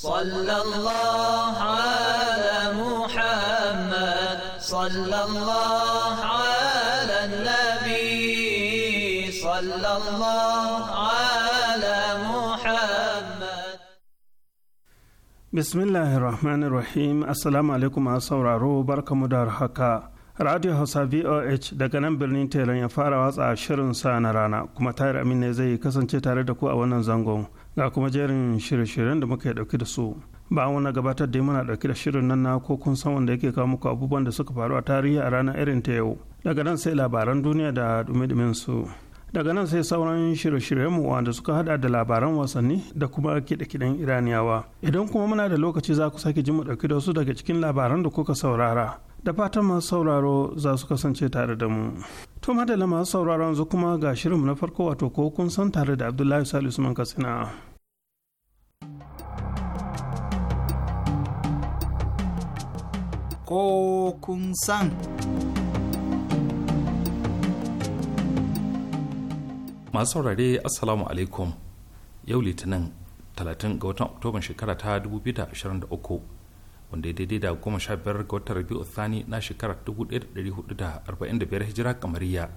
صلى الله على محمد صلى الله على النبي صلى الله على محمد بسم الله الرحمن الرحيم السلام عليكم أصور الله بركة مدار radio hausa voh daga nan birnin teran ya fara watsa shirin sa na rana kuma tayar amin ne zai kasance tare da ku a wannan zangon ga kuma jerin shirye-shiryen da muka dauki da su ba wani gabatar da yi muna dauki da shirin nan na ko kun san wanda yake kawo muku abubuwan da suka faru a tarihi a ranar irin ta yau daga nan sai labaran duniya da dumi su daga nan sai sauran shirye-shiryen mu wanda suka hada da labaran wasanni da kuma kiɗe-kiɗen iraniyawa idan kuma muna da lokaci za ku sake ji mu dauki da wasu daga cikin labaran da kuka saurara da fatan masu sauraro za su kasance tare da mu. To madalla masu sauraro yanzu kuma ga shirinmu na farko wato ko kun san tare da Abdullahi Salisu Usman Katsina. Ko kun san. Masu saurare Assalamu alaikum yau Litinin 30 ga watan Oktoban shekara ta 2023 wanda ya daidai da goma sha biyar ga watan rabi'u thani na shekarar biyar hijira kamariya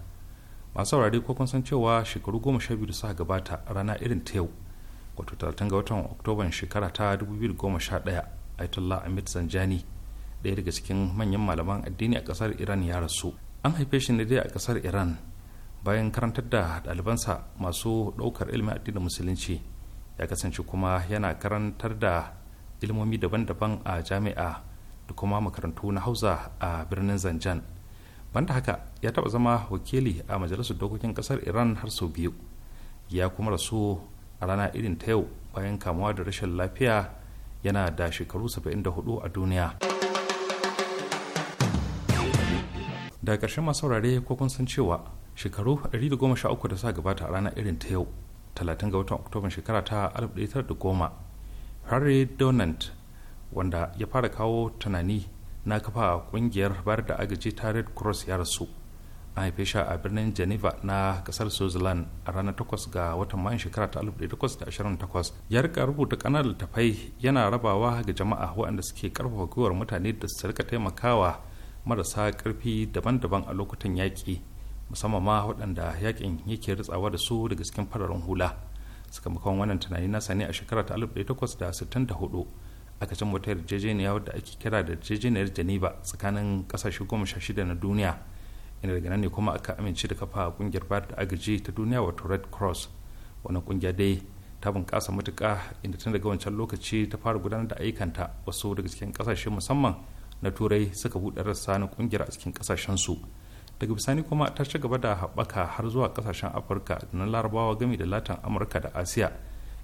masu saurare ko kun san cewa shekaru goma sha biyu da suka gabata rana irin ta yau wato talatin ga watan oktoban shekara ta dubu biyu da goma sha ɗaya ayatollah amit zanjani ɗaya daga cikin manyan malaman addini a ƙasar iran ya rasu an haife shi ne dai a ƙasar iran bayan karantar da ɗalibansa masu ɗaukar ilimin addinin musulunci ya kasance kuma yana karantar da ilmomi daban-daban a jami'a da kuma makarantu na hausa a birnin zanjan banda haka ya taɓa zama wakili a majalisar dokokin ƙasar iran har sau biyu ya kuma rasu a rana irin ta yau bayan kamuwa da rashin lafiya yana da shekaru 74 a duniya da ƙarshen masu saurare ko kun san cewa shekaru 113 da suka gabata a rana irin ta yau 30 ga watan oktoban shekara ta 1910 harry donant wanda ya fara kawo tunani na kafa kungiyar bayar da agaji ta red cross ya rasu a haife shi a birnin geneva na kasar switzerland a ranar 8 ga watan mayun shekara ta 1828 ya rika rubuta kanar littafai yana rabawa ga jama'a waɗanda suke karfafa gwiwar mutane da su rika taimakawa marasa karfi daban-daban a lokutan yaƙi musamman ma waɗanda yaƙin yake ritsawa da su daga cikin fararen hula sakamakon wannan tunani nasa ne a shekara ta 1864 a kacin wata yarjejeniya wadda ake kira da yarjejeniyar geneva tsakanin kasashe goma sha shida na duniya inda daga nan ne kuma aka amince da kafa kungiyar bayar da agaji ta duniya wato red cross wani kungiya dai ta bunƙasa matuka inda tun daga wancan lokaci ta fara gudanar da ayyukanta wasu daga cikin kasashe musamman na turai suka buɗe rassa na kungiyar a cikin kasashensu su daga bisani kuma ta ci gaba da haɓaka har zuwa kasashen afirka da na larabawa gami da latin amurka da asiya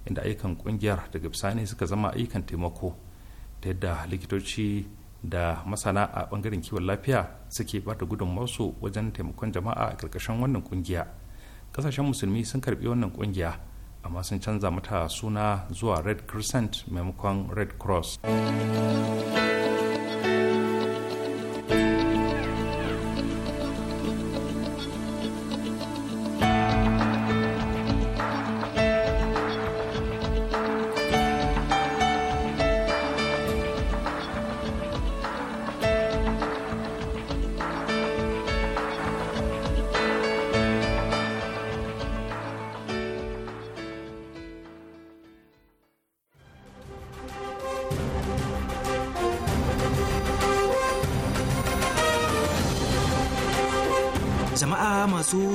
inda ayyukan kungiyar daga bisani suka zama ayyukan taimako ta yadda likitoci da masana a bangaren kiwon lafiya suke ba da gudunmawarsu wajen taimakon jama'a a ƙarƙashin wannan kungiya kasashen musulmi sun karɓi wannan kungiya amma sun canza mata suna zuwa red crescent maimakon red cross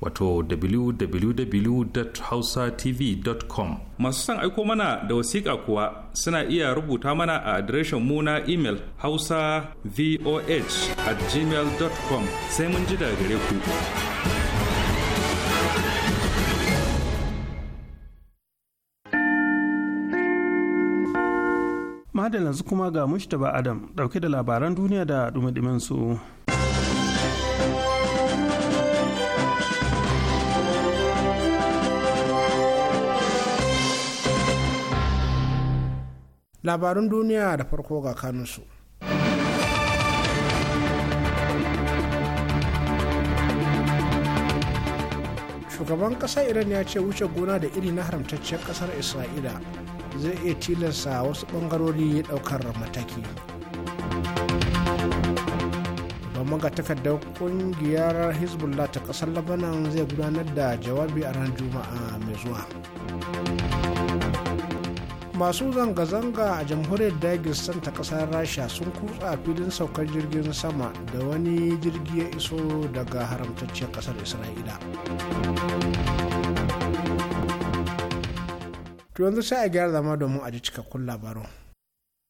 wato www.hausatv.com masu son aiko mana da wasiƙa kuwa suna iya rubuta mana a adireshin mu na imel hausa at sai mun ji daga gare ku madalla kuma ga mushtaba adam dauke da labaran duniya da dumi su. labarun duniya da farko ga kanunsu shugaban ƙasar iran ya ce wuce gona da iri na haramtaccen ƙasar isra'ila zai iya tilasta wasu ɓangarori ɗaukar mataki ga takardar kungiyar hezbollah ta kasar labanan zai gudanar da jawabi a ran juma'a mai zuwa masu zanga-zanga a jamhuriyar dagestan ta kasar rasha sun kutsa filin saukar jirgin sama da wani jirgi ya iso daga haramtacciyar kasar isra'ila to yanzu sai a gyara zama domin a ji cikakkun labarin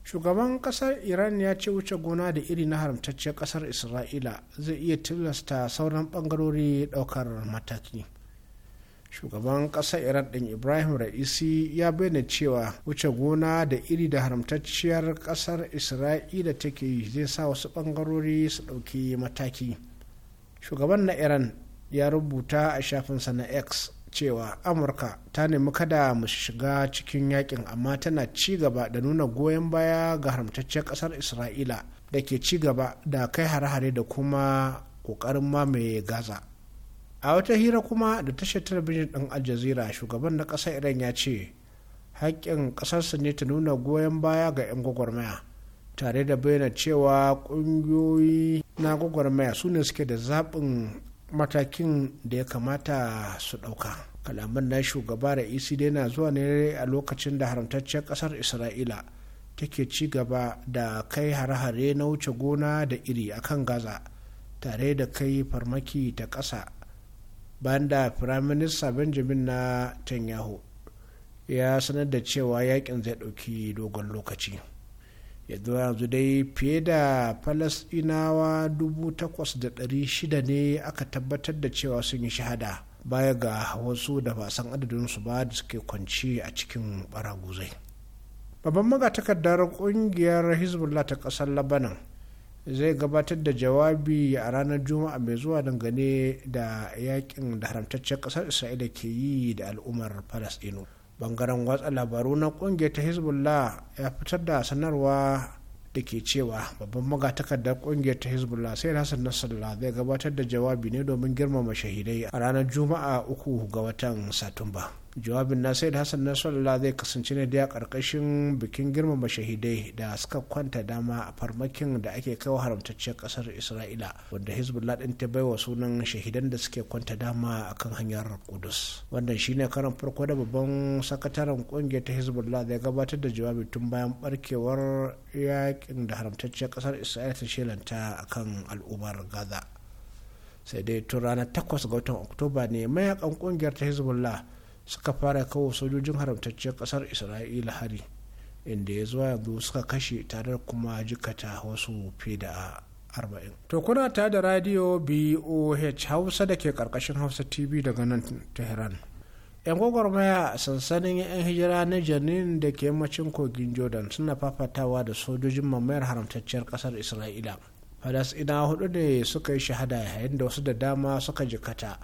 shugaban kasar iran ya ce wuce gona da iri na haramtacciyar kasar isra'ila zai iya tilasta sauran bangarori daukar mataki shugaban ƙasar iran ɗin ibrahim ra'isi ya bayyana cewa wuce gona da iri da haramtacciyar ƙasar isra'ila take yi zai sa wasu ɓangarori su ɗauki mataki shugaban na iran ya rubuta a shafinsa na x cewa amurka ta nemi kada mu shiga cikin yakin amma tana ci gaba da nuna goyon baya ga haramtacciyar ƙasar isra'ila da ke ci gaba da kai hare-hare da kuma ƙoƙarin mamaye gaza a wata hira kuma da tashar talabijin ɗin aljazira shugaban na ƙasar iran ya ce haƙƙin ƙasarsa ne ta nuna goyon baya ga 'yan gwagwarmaya tare da bayyana cewa ƙungiyoyi na gwagwarmaya su ne suke da zaɓin matakin da ya kamata su ɗauka kalaman na shugaba da isi dai na zuwa ne a lokacin da haramtacciyar ƙasar isra'ila take ci gaba da kai hare-hare na wuce gona da iri akan gaza tare da kai farmaki ta ƙasa bayan da firaminista benjamin na tanyahu ya sanar da cewa yakin zai ɗauki dogon lokaci yanzu yanzu dai fiye da falasɗinawa 8,600 ne aka tabbatar da cewa sun yi shahada baya ga wasu da fasan adadin su ba da suke kwanci a cikin baraguzai babban magatakardar kungiyar hezbollah ta ƙasar labanan zai gabatar da jawabi a ranar juma'a mai zuwa dangane da yakin da haramtaccen kasar isra'ila ke yi da al'ummar falasɗinu bangaren watsa labaru na kungiyar ta hezbollah ya fitar da sanarwa da ke cewa babban magatakardar kungiyar ta hezbollah sai hassan nasrallah zai gabatar da jawabi ne domin girmama shahidai a ranar juma'a uku ga watan satumba jawabin na said hassan nasarallah zai kasance ne da karkashin bikin girmama shahidai da suka kwanta dama a farmakin da ake kai wa haramtacciyar kasar isra'ila wanda hezbollah din ta baiwa sunan shahidan da suke kwanta dama a kan hanyar kudus wannan shine karan farko da babban sakataren kungiyar ta hezbollah zai gabatar da jawabi tun bayan barkewar yakin da haramtacciyar kasar isra'ila ta shelanta a kan al'ummar gaza sai dai tun ranar 8 ga watan oktoba ne mayakan kungiyar ta hezbollah suka fara kawo sojojin haramtacciyar kasar isra'ila hari inda ya zuwa yanzu suka kashe tare kuma jikata wasu fiye da arba'in. to kuna ta da radio boh hausa da ke karkashin hausa tv daga nan tehran yan gwagwarmaya sansanin yan hijira na janin da ke yammacin kogin jordan suna fafatawa da sojojin mamayar haramtacciyar kasar isra'ila ina hudu ne suka yi shahada yayin da wasu da dama suka jikata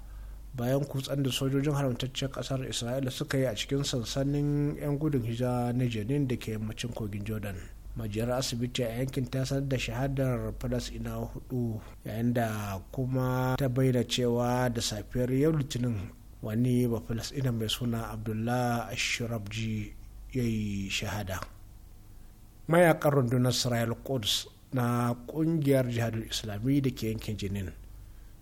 bayan kutsan da sojojin haramtaccen kasar isra'ila suka yi a cikin sansanin 'yan gudun hijira na jenin da ke yammacin kogin jordan majiyar asibiti a yankin ta sanar da shahadar ina hudu yayin da kuma ta bayyana cewa da safiyar yau litinin wani ba ina mai suna abdullah ashirabji ya yi shahada mayakan rundunar israel quds na kungiyar jihadul islami da ke yankin jenin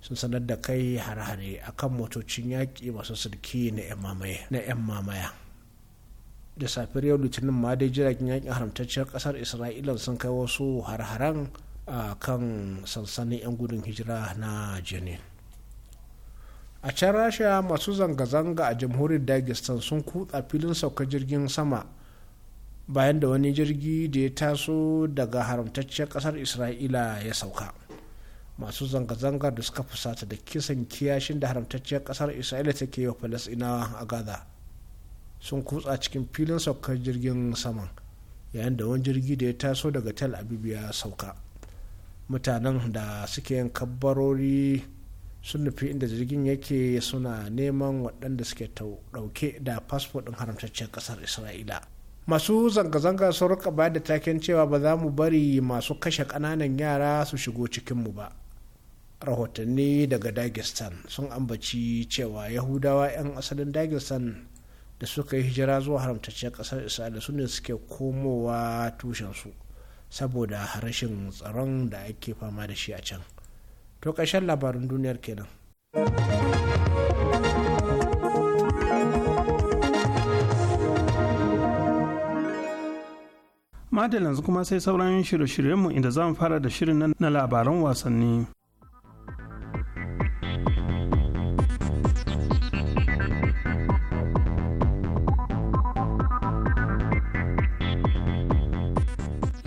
sun sanar da kai hare-hare akan motocin yaƙi masu sulki na 'yan mamaya da safiyar yau litinin ma dai jiragen yaƙin haramtacciyar ƙasar isra'ila sun kai wasu har-haren a kan sansanin 'yan gudun hijira na jini. a can rasha masu zanga-zanga a jamhuriyar dagestan sun kutsa filin saukar jirgin sama bayan da wani jirgi da ya taso daga haramtacciyar ƙasar isra'ila ya sauka masu zanga-zangar da suka fusata da kisan kiyashin da haramtacciyar kasar isra'ila take yi wa falasɗinawa a gaza sun kutsa cikin filin saukar jirgin saman yayin da wani jirgi da ya taso daga tel aviv ya sauka mutanen da suke yin kabbarori sun nufi inda jirgin yake suna neman waɗanda suke ɗauke da fasfo ɗin haramtacciyar ƙasar isra'ila masu zanga-zanga sun rika bayar da taken cewa ba za mu bari masu kashe ƙananan yara su shigo cikinmu ba rahotanni daga dagestan sun ambaci cewa yahudawa 'yan asalin dagestan da suka yi hijira zuwa haramtacciyar kasar isra'ila su ne suke komowa tushensu saboda rashin tsaron da ake fama da shi a can to ƙarshen labarin duniyar kenan. madalin kuma sai sauran shirye-shiryenmu inda zan fara da shirin na labaran wasanni.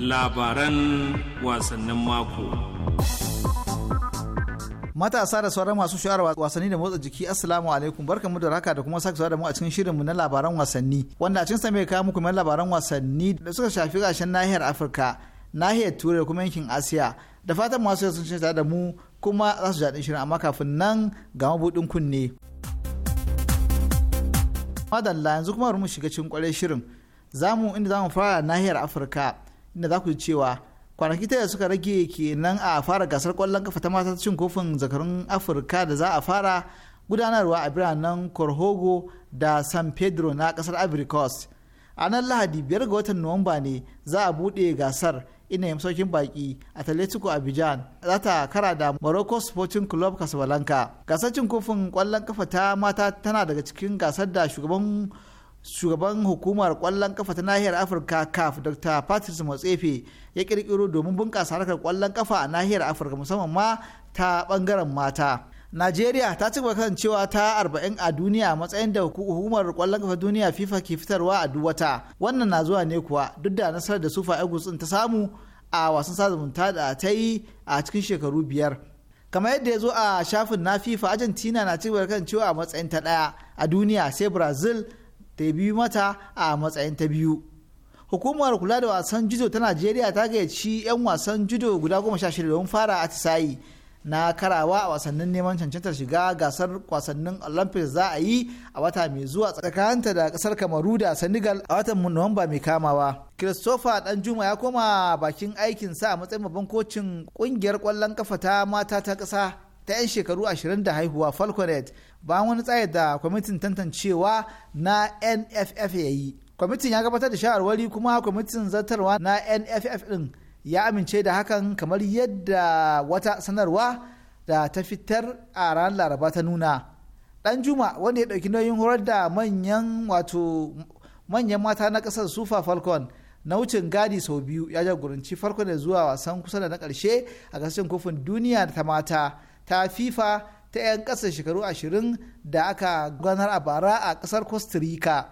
labaran wasannin mako. Matasa da sauran masu shawar wasanni da motsa jiki Assalamu alaikum mu da raka da kuma sake da mu a cikin shirinmu na labaran wasanni wanda a cikin sa mai kawo muku mai labaran wasanni da suka shafi gashin nahiyar Afirka nahiyar Turai da kuma yankin Asiya da fatan masu sun ce da mu kuma za su jaɗin shirin amma kafin nan ga mabuɗin kunne. Madalla yanzu kuma mu shiga cikin kwarai shirin zamu inda zamu fara nahiyar Afirka inda za ku ji cewa kwanaki ta da suka rage kenan a fara gasar kwallon kafa ta mata cin kofin zakarun afirka da za a fara gudanarwa a biranen korhogo da san pedro na kasar ivory coast a nan lahadi biyar ga watan nuwamba ne za a buɗe gasar ina yin saukin baki atletico abidjan za ta kara da morocco sporting club casablanca gasar cin kofin kwallon kafa ta mata tana daga cikin gasar da shugaban shugaban hukumar kwallon kafa ta nahiyar afirka caf dr patrice motsefe ya kirkiro domin bunƙasa harkar kwallon kafa a nahiyar afirka musamman ma ta bangaren mata najeriya ta ci kan cewa ta arba'in a duniya matsayin da hukumar kwallon kafa duniya fifa ke fitarwa a duwata wannan na zuwa ne kuwa duk da nasarar da sufa eagles ta samu a wasan sazumunta da ta yi a cikin shekaru biyar kamar yadda ya zo a shafin na fifa argentina na ci kan cewa matsayin ta ɗaya a duniya sai brazil ta biyu mata a matsayin ta biyu hukumar kula da wasan judo ta najeriya ta gayyaci 'yan wasan judo guda goma sha shida don fara atisayi na karawa a wasannin neman cancantar shiga gasar wasannin olympics za a yi a wata mai zuwa tsakaninta da kasar kamaru da senegal a watan nuwamba mai kamawa christopher dan danjuma ya koma bakin aikin sa a matsayin babban kocin kungiyar kwallon kafa ta mata ta kasa ta 'yan shekaru 20 da haihuwa falconet bayan wani tsaye da kwamitin tantancewa na nff ya yi kwamitin ya gabatar da shawarwari kuma kwamitin zartarwa na nff din ya amince da hakan kamar yadda wata sanarwa da ta fitar a ranar laraba ta nuna dan juma wanda ya dauki nauyin horar da manyan wato manyan mata na kasar sufa falcon na wucin gadi sau biyu ya jagoranci farko zuwa wasan kusa da na karshe a gasashen kofin duniya ta mata ta fifa ta 'yan ƙasa shekaru 20 da aka ganar a bara a kasar costa rica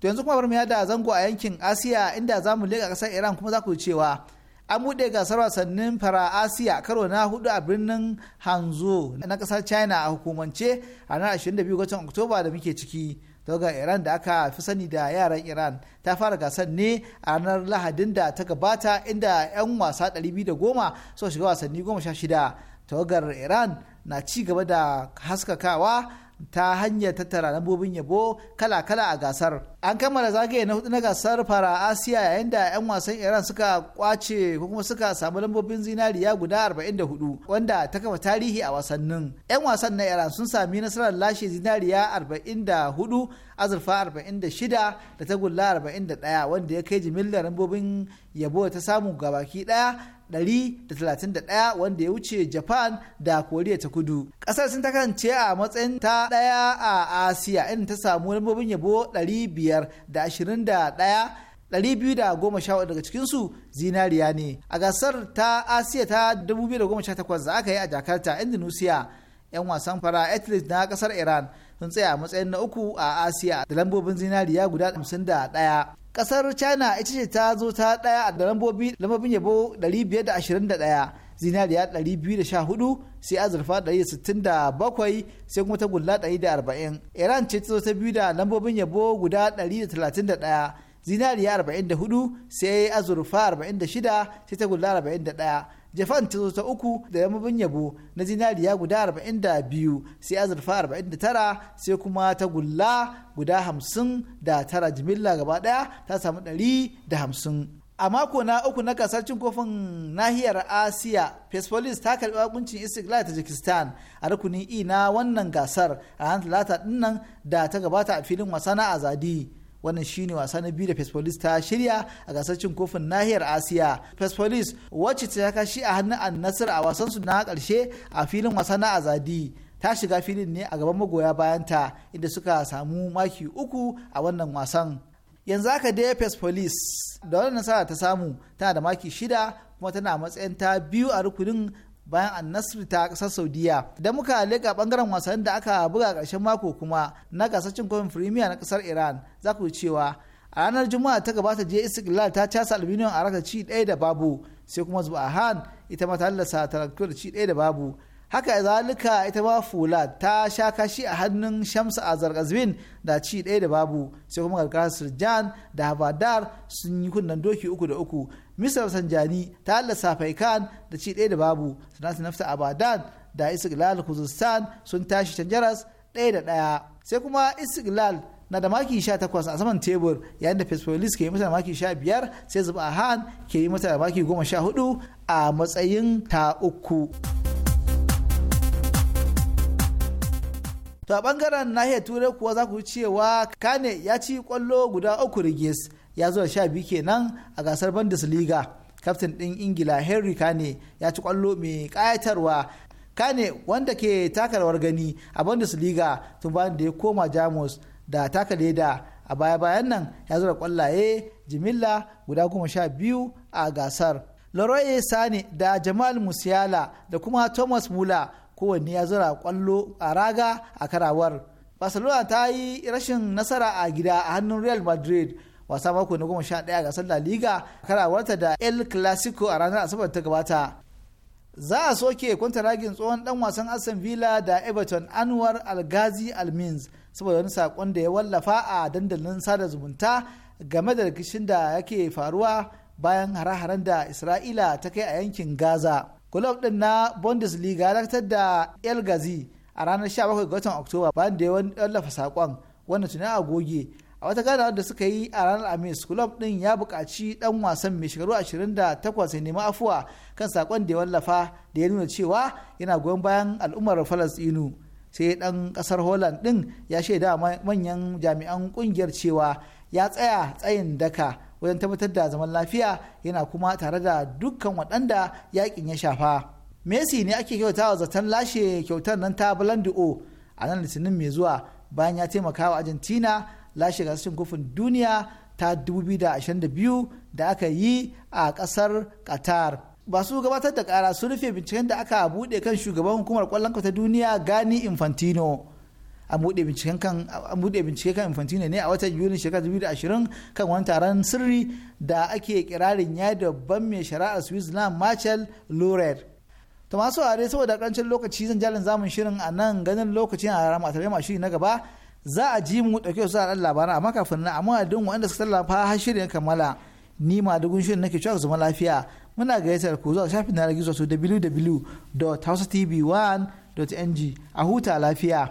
to yanzu kuma bar mu da zango a yankin asiya inda za mu leƙa ƙasar iran kuma za ku cewa an buɗe gasar wasannin fara asiya karo na hudu a birnin hanzo na ƙasar china a hukumance a ranar 22 ga oktoba da muke ciki ga iran da aka fi sani da yaran iran ta fara gasar ne a ranar lahadin da ta gabata inda 'yan wasa 210 suka shiga wasanni 16 tawagar iran na ci gaba da haskakawa ta hanyar tattara lambobin yabo kala-kala a gasar an kammala zagaye na hudu na gasar fara asiya yayin da 'yan wasan iran suka kwace ko kuma suka samu lambobin zinariya guda 44 wanda ta kafa tarihi a wasannin 'yan wasan na iran sun sami nasarar lashe zinariya 44 azurfa 46 da tagulla 41 wanda ya kai jimillar lambobin yabo ta samu gabaki daya 131 wanda ya wuce japan da koriya ta kudu kasar sun ta kasance a matsayin ta daya a asiya inda ta samu lambobin yabo 500 biyar da ashirin da da daga cikinsu zinariya ne a gasar ta asiya ta 2018 da aka yi a jakarta indonesia 'yan wasan fara atlet na kasar iran sun tsaya a matsayin na uku a asiya da lambobin zinariya guda 51 da kasar china ita ce ta zo ta ɗaya da lambobin yabo 521 zinariya 214 sai azurfa 167 sai kuma tagulla 140 iran ce ta zo ta biyu da lambobin yabo guda 131 zinariya 44 sai azurfa 46 sai tagulla 41 japan ta zo ta uku da lambobin yabo na zinariya guda 42 sai azurfa 49 sai kuma ta gulla guda 50 da tara jimilla gaba daya ta samu 150 a mako na uku na gasar cin kofin nahiyar asiya persepolis ta karbi wakuncin istiklal tajikistan a rukunin e na wannan gasar a ranar talata dinnan da ta gabata a filin wasa na azadi wannan shine wasa na biyu da persepolis ta shirya a gasar cin kofin nahiyar asiya persepolis wacce ta kashi a hannun nasir a wasansu na karshe a filin wasa na azadi ta shiga filin ne a gaban magoya bayanta inda suka samu maki uku a wannan wasan yanzu haka dai police da wani nasara ta samu tana da maki shida kuma tana matsayin ta biyu a rukunin bayan annasir ta kasar saudiya da muka leka bangaren wasannin da aka buga karshen mako kuma na gasar cin kofin firimiya na kasar iran za ku cewa a ranar juma'a ta gabata je istiklal ta casa aluminium a raka ci ɗaya da babu sai kuma zuba han ita ma ta lallasa ta ci ɗaya da babu haka zalika ita ma fulad ta sha kashi a hannun shamsa a zarkazwin da ci ɗaya da babu sai kuma karkar sirjan da habadar sun yi kunnen doki uku da uku misar sanjani ta lallasa faikan da ci ɗaya da babu sanatu nafsa abadan da istiklal kuzistan sun tashi canjaras ɗaya da ɗaya sai kuma istiklal na da maki 18 a saman tebur yayin da fesfolis ke yi mata maki 15 sai zuba han ke yi mata maki 14 a matsayin ta uku. to a bangaren nahiyar turai kuwa za ku cewa kane ya ci kwallo guda uku rigis ya zuwa sha biyu kenan a gasar bundesliga kaftin ɗin ingila henry kane ya ci kwallo mai ƙayatarwa kane wanda ke takarwar gani a bundesliga tun bayan da ya koma jamus da taka leda a baya-bayan nan ya zo kwallaye jimilla guda goma sha biyu a gasar leroy sani da jamal musiala da kuma thomas muller kowanne ya zura kwallo a raga a karawar barcelona ta yi rashin nasara a gida a hannun real madrid wasa mako na goma sha ɗaya ga sallar liga karawarta da el clasico a ranar asabar ta gabata za a soke ragin tsohon dan wasan aston villa da everton anwar algazi almins saboda wani saƙon da ya wallafa a dandalin sada zumunta game da rikicin da yake faruwa bayan hare-haren da isra'ila ta kai a yankin gaza kulob din na bundesliga ya dakatar da el gazi a ranar 17 ga watan oktoba bayan da ya wallafa sakon wanda tuni a goge a wata ganawa da suka yi a ranar amis kulob din ya bukaci dan wasan mai shekaru 28 ya nemi afuwa kan sakon da ya wallafa da ya nuna cewa yana goyon bayan al'ummar falastinu sai dan kasar holland din ya shaida manyan jami'an kungiyar cewa ya tsaya tsayin daka wajen tabbatar da zaman lafiya yana kuma tare da dukkan waɗanda yaƙin ya shafa messi ne ake kyauta wa zaton lashe kyautar nan ta O a nan litinin mai zuwa bayan ya taimaka wa argentina lashe gasashen kofin duniya ta 2022 da aka yi a ƙasar qatar basu gabatar da kara sun rufe binciken da aka buɗe kan shugaban hukumar kwallon ta duniya gani infantino an bude binciken kan an bincike kan Infantino ne a watan Yuli shekarar 2020 kan wani taron sirri da ake kirarin ya da babban mai shari'ar Switzerland Marcel Lorer. To masu are saboda karancin lokaci zan jalin zamun shirin a nan ganin lokacin a rama tare ma shiri na gaba za a ji mu dauke su a labaran amma kafin na amma duk wanda suka tallafa har shirin kammala ni ma dugun shirin nake cewa zama lafiya muna gayyatar ku zuwa shafin na gizo su www.hausatv1.ng a huta lafiya.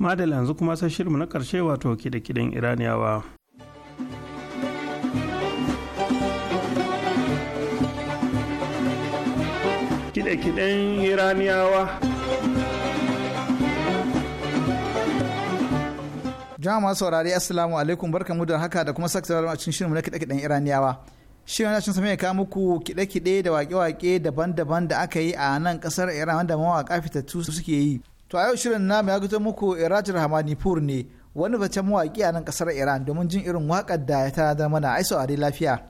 madala yanzu kuma sai shirmu na karshe wato kide-kiden iraniyawa kide iraniyawa jama'a saurari assalamu alaikum mu da haka da kuma saksarar a cikin shirmu na kide-kiden iraniyawa shi wani cin sami kawo muku kide-kide da wake-wake daban-daban da aka yi a nan kasar iran wanda mawaƙa fitattu suke yi to a yau shirin namu ya gudu muku iraj rahmanipur ne wani bacen mawaƙi a nan ƙasar iran domin jin irin waƙar da ya tana mana ai a lafiya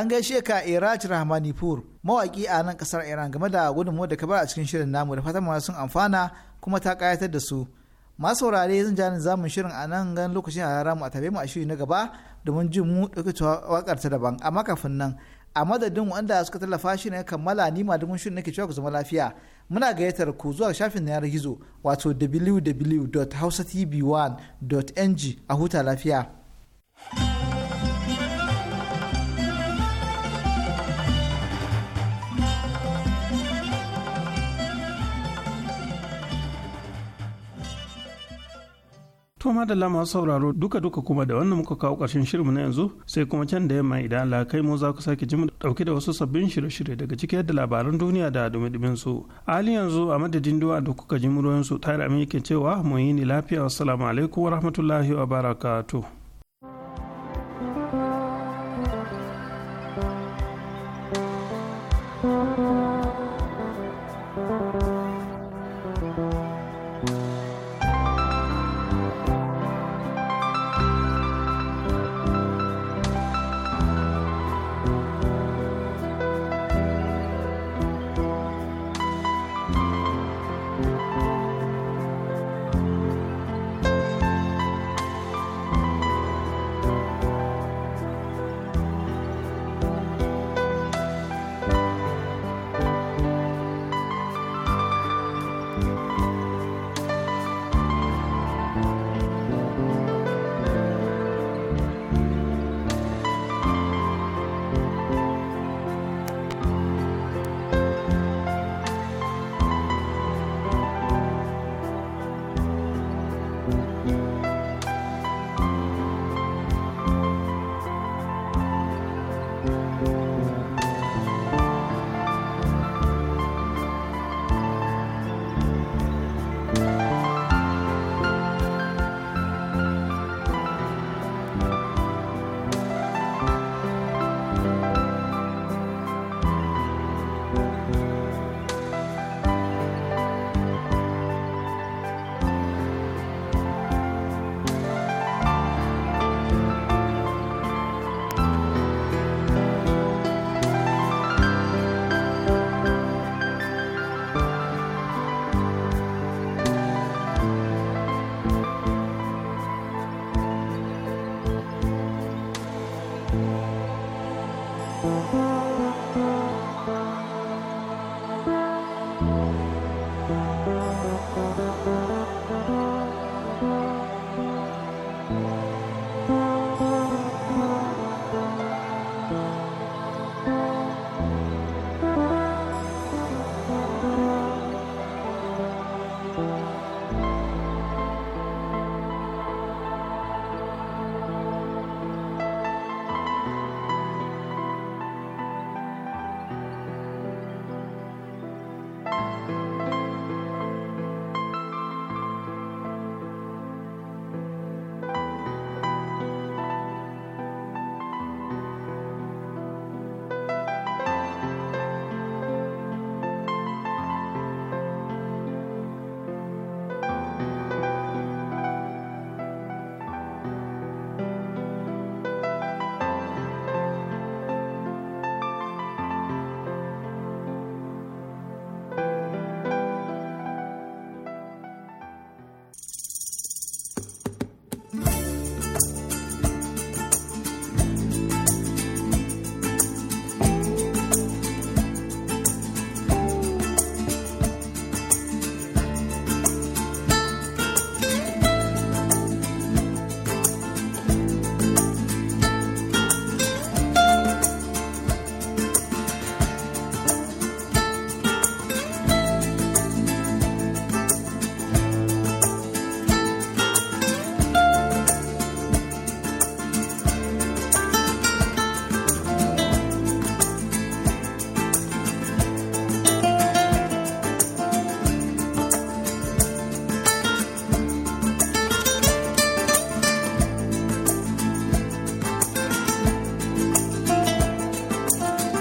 an gaishe ka iraj rahmanipur mawaki a nan kasar iran game da gudunmu da kabar a cikin shirin namu da fatan masu sun amfana kuma ta kayatar da su masu saurare zan ja zamun shirin a nan gan lokacin a ramu a tabe mu a shiri na gaba domin jin mu ɗauki wakar ta daban amma kafin nan a madadin wanda suka tallafa shi ne kammala ni ma domin shirin nake cewa ku zama lafiya muna gayyatar ku zuwa shafin na yanar gizo wato www.hausatv1.ng a huta lafiya. To madalla masu sauraro duka-duka kuma da wannan muka kawo ƙarshen shirinmu na yanzu sai kuma can da yamma idan Allah kai mu za ku sake jimu dauke da wasu sabbin shirye-shirye daga ciki yadda labaran duniya da dumi su. A halin yanzu a madadin duwa da kuka ji muryoyin su tare amin yake cewa mu yi ni lafiya assalamu alaikum wa rahmatullahi wa barakatuh.